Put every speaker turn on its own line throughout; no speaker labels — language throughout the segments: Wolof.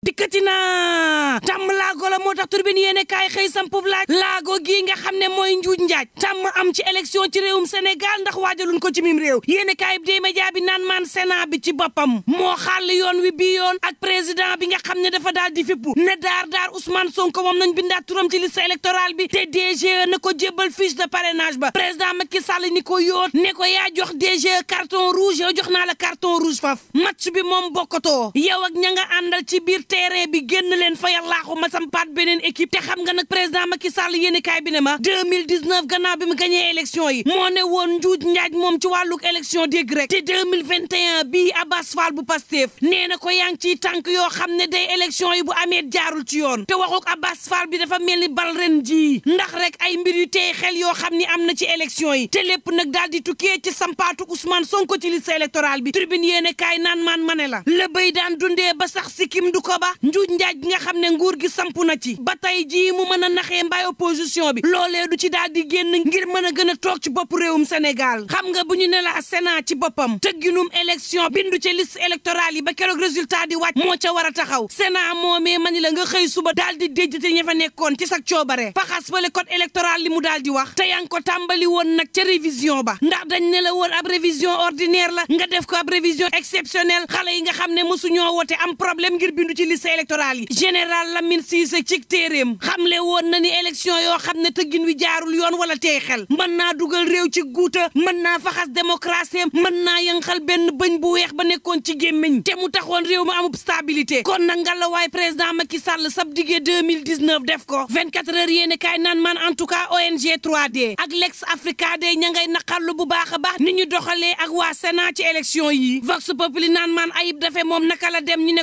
dikkati naa tàmm laago la moo tax turbine yéene kaay xëy sampub laaj laago gi nga xam ne mooy njuuj njaaj tàmm am ci élection ci réewum Sénégal ndax waajaluñ ko ci mim réew yéene kaay bi dee média bi naan maan Sénat bi ci boppam moo xàll yoon wi bi yoon ak président bi nga xam ne dafa daal di fippu ne daar daar Ousmane son moom nañ bindaat turam ci liste électorale bi te DGE ne ko jébbal fiche de parrainage ba président Macky sal ni ko yoot ne ko yaa jox DGE carton rouge jox naa la carton rouge bi moom bokkatoo yow ak ña nga àndal ci biir terrain bi génn leen fa yàllaaxu ma sampaat beneen équipe te xam nga nag président Macky Sall yéeni kaay bi ne ma 2019 gannaaw bi mu gañee élection yi moo ne woon njuuj njaaj moom ci wàlluk élection dégg rek te 2021 bii Abbas Fall bu Pastef nee na ko yaa ngi ciy yoo xam ne day élection yi bu amee jaarul ci yoon te waxuk Abbas Fall bi dafa mel ni bal ren jii ndax rek ay mbir yu tey xel yoo xam ni am na ci élection yi te lépp nag daal di tukkee ci sampaatu ci liste électorale bi tribune yéene kaay naan maan mane la la béy daan dundee ba sax sikkim booba njuuj njaaj gi nga xam ne nguur gi samp na ci ba tey jii mu mën a naxee mbaay opposition bi loolee du ci daal di génn ngir mën a gën a toog ci boppu réewum Sénégal xam nga bu ñu ne la Sénat ci boppam tëgginum élection bindu ci liste électorale yi ba keroog résultat di wàcc moo ca war a taxaw moo moomee ma ni la nga xëy suba daal di déjjate ña fa nekkoon ci sag coobare faxas bale code électoral li mu daal di wax te yaa ngi tàmbali woon nag ca révision ba ndax dañ ne la woon ab révision ordinaire la nga def ko ab révision exceptionnelle xale yi nga xam ne mosuñoo wote am problème ngir bindu ci liste électorale yi général Lamine Cissé ci téeréem xamle woon na ni élection yoo xam ne tëggin wi jaarul yoon wala tey man mën naa dugal réew ci guuta man naa faxas démocratie man naa yëngal benn bëñ bu weex ba nekkoon ci gémmiñ te mu taxoon réew mu amub stabilité kon na ngalawaay président Macky Sall sab diggee 2019 def ko 24 heures yéene kaay naan man en tout cas ONG 3D ak Lex Africa day ña ngay naqarlu bu baax a baax ni ñu doxalee ak waa Sénat ci élection yi Vox Populi naan man ayib dafe la dem ñu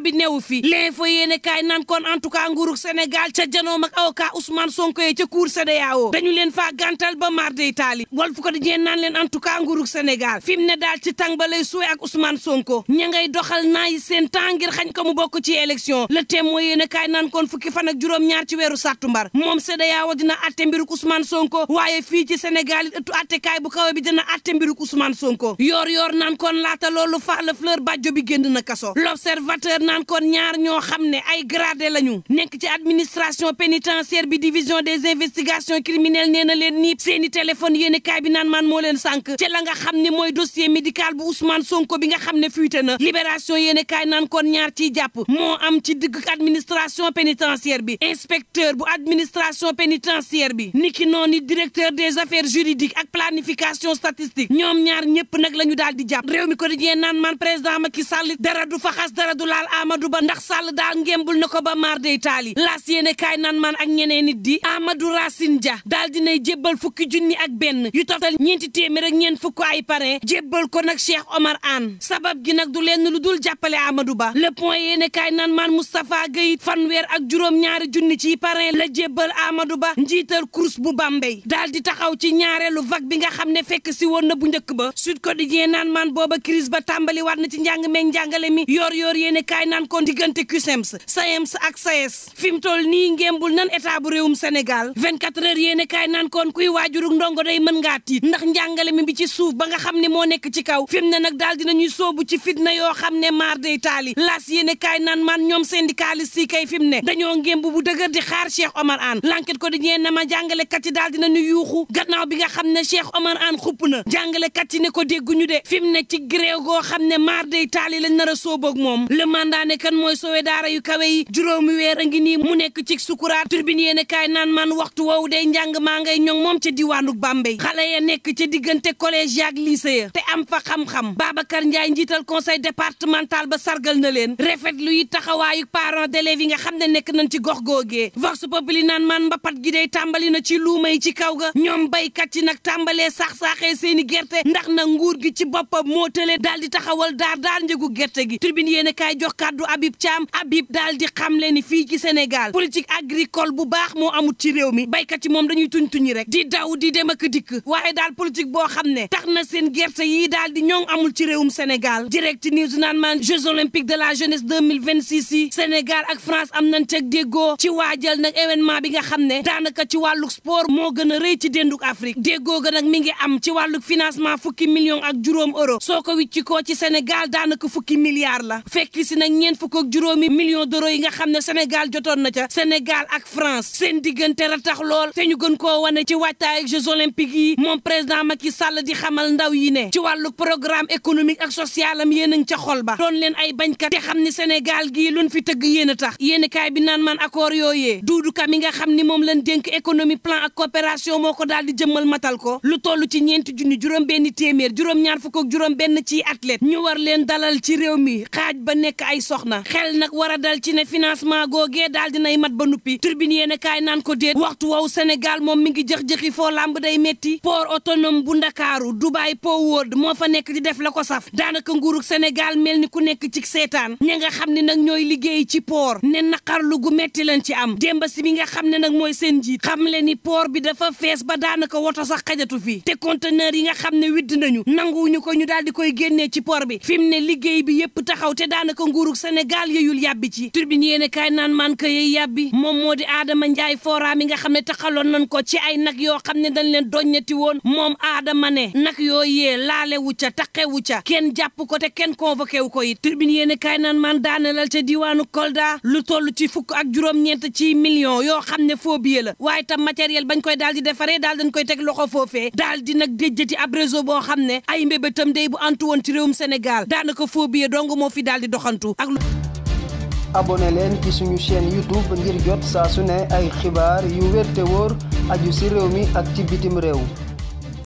bilan bi newu fi l'info yéene kaay naan kon en tout cas nguurug Sénégal ca janoom ak avocat Ousmane Sonko yee ca cour CEDEAO dañu leen faa gàntal ba marde taali Walf Quotidien naan leen en tout cas nguurug Sénégal fi mu ne daal ci tàng ba suwe ak Ousmane Sonko ña ngay doxal naa yi seen temps ngir xañ ko mu bokk ci élection le Témoin yéene kaay naan kon fukki fan ak juróom-ñaar ci weeru sàttumbar moom CEDEAO dina atte mbirug Ousmane Sonko waaye fii ci senegal it ëttu bu kawe bi dina atte mbirug Ousmane Sonko yor yor naan kon laata loolu faa la fleur bi génn na kaso naan kon ñaar ñoo xam ne ay gradé lañu nekk ci administration pénitentiaire bi division des investigations criminelles nee na leen ni seeni téléphone yéen kaay bi naan maan moo leen sànq ci la nga xam ne mooy dossier médical bu Ousmane Sonko bi nga xam ne fuite na libération yéen kaay naan kon ñaar ciy jàpp moo am ci digg administration pénitentiaire bi inspecteur bu administration pénitentiaire bi niki noonu directeur des affaires juridiques ak planification statistique ñoom ñaar ñëpp nag la ñu daal di jàpp réew mi naan man président Macky Sall dara du faxas dara du Amadou Ba ndax Sall daal ngémbul na ko ba maar day taali laas yéene kaay naan maan ak ñeneen nit di Amadou Racine Dia daal dinay jébbal fukki junni ak benn yu toftal ñeenti téeméer ak ñeent fukk ay parrain jébbal ko nag Cheikh Omar Anne sabab gi nag du lenn lu dul jàppale Amadou Ba le point yéene kaay naan maan Moustapha fan fanweer ak juróom-ñaari junni ci parrain la jébbal Amadou Ba njiital course bu Bambey daal di taxaw ci ñaareelu vague bi nga xam ne fekk si woon na bu njëkk ba Sud Quotidien naan maan booba crise ba tàmbali waat na ci njàng meeg njàngale gaay naan ko diggante CUSEMS SAEMS ak SAES e fi mu toll nii ngémbul nan état bu réewum Sénégal 24 heures yéene kaay naan koon kuy waajurug ndongo day mën ngaa tiit ndax njàngale mi bi ci suuf ba nga xam ne moo nekk ci kaw fi mu ne nag daal dinañuy soobu ci fitna yoo xam ne maar day taali las yéene kaay naan man ñoom syndicaliste yi kay fi mu ne dañoo ngémb bu dëgër di xaar Cheikh Omar Anne l'enquête ko di ñee na ma jàngalekat yi daal dinañu yuuxu gannaaw bi nga xam ne Cheikh Omar Anne xupp na yi ne ko dégguñu de fi mu ne ci gréew goo xam ne maar day taali lañ nar a sooboog moom waxambaane kan mooy sowe daara yu kawe yi juróomi weer a ngi nii mu nekk ci sukuraat turbine yéene kaay naan man waxtu woowu day njàng maa ngay ñoŋ moom ci diwaanu Bambey xale ya nekk ca diggante collège yaak lycée ya te am fa xam-xam Babacar Ndiaye njiital conseil départemental ba sargal na leen refet lu yi taxawaayu parents d'élèves yi nga xam ne nekk nañ ci gox googee vox populi naan man mbapat gi day tàmbali na ci luuma yi ci kaw ga ñoom béykat yi nag tàmbalee sax-saaxee seeni gerte ndax na nguur gi ci boppam moo tëlee daal di taxawal daar daar njëgu gerte gi turbine jox jox kàddu Habib Thiam Habib daal di xamle ni fii ci Sénégal politique agricole bu baax moo amul ci réew mi béykat yi moom dañuy tuñ tuñi rek di daw di dem ak dikk waaye daal politique boo xam ne tax na seen gerte yi daal di ñoŋ amul ci réewum Sénégal direct news naan maan Jeux olympiques de la jeunesse 2026 yi Sénégal ak France am nañ ceg déggoo ci waajal nag événement bi nga xam ne daanaka ci wàllu sport moo gën a rëy ci dénduk Afrique déggoo ga nag mi ngi am ci wàllu financement fukki million ak juróom euro soo ko koo ci Sénégal daanaka fukki milliards la nag ñeent fukk ak juróomi million d'euros yi nga xam ne Sénégal jotoon na ca Sénégal ak France seen diggante tax lool te ñu gën koo wane ci waajtaay Jeux olympiques yi moom président Macky Sall di xamal ndaw yi ne ci wàllu programme économique ak social am yéen a ngi ca xol ba doon leen ay bañkat te xam ni Sénégal gii luñ fi tëgg yéen a tax yéen kaay bi naan man accord yooyee Doudou Ka mi nga xam ni moom lañ dénk économie plan ak coopération moo ko daal di matal ko lu toll ci ñeenti junni juróom benn téeméer juróom fukk ak juróom benn ci athlète ñu war leen dalal ci réew mi xaaj ba nekk ay soxna xel nag war a dal ci ne financement googee daal dinay mat ba nuppi turbine ne kaay naan ko dee waxtu wow Sénégal moom mi ngi jëx-jëxi foo làmb day metti port autonome bu ndakaaru dubaay Port World moo fa nekk di def la ko saf daanaka nguurug Sénégal mel ni ku nekk ci seetaan ña nga xam ne nag ñooy liggéey ci poor ne naqarlu gu metti lañ ci am démba si mi nga xam ne nag mooy seen jiit xam le ni poor bi dafa fees ba daanaka woto sax xajatu fi te conteneur yi nga xam ne widd nañu nanguwuñu ko ñu daal di koy génnee ci port bi fi mu liggéey bi yépp nguurug Sénégal yeyul yàbbi ci tribune yéene kaay naan maan ka yey yàbbi moom moo di Adama Ndiaye fooraa mi nga xam ne taxaloon nañ ko ci ay nag yoo xam ne dañ leen doññati woon moom Adama ne nag yooyee laale wu ca taqe wu ca kenn jàpp ko te kenn convoqué wu ko it tribune yéene kaay naan maan daanelal ca diwaanu Kolda lu toll ci fukk ak juróom-ñeent ci million yoo xam ne faux la waaye tam matériel bañ koy daal di defaree daal dañ koy teg loxo foofe dal di nag déjjati ab réseau boo xam ne ay mbébétam day bu antu woon ci réewum Sénégal daanaka faux billet moo fi daal di doxantu ak lu leen ci suñu chaîne youtube ngir jot saa su ne ay xibaar yu wér te wóor aju si réew mi ak ci bitim réew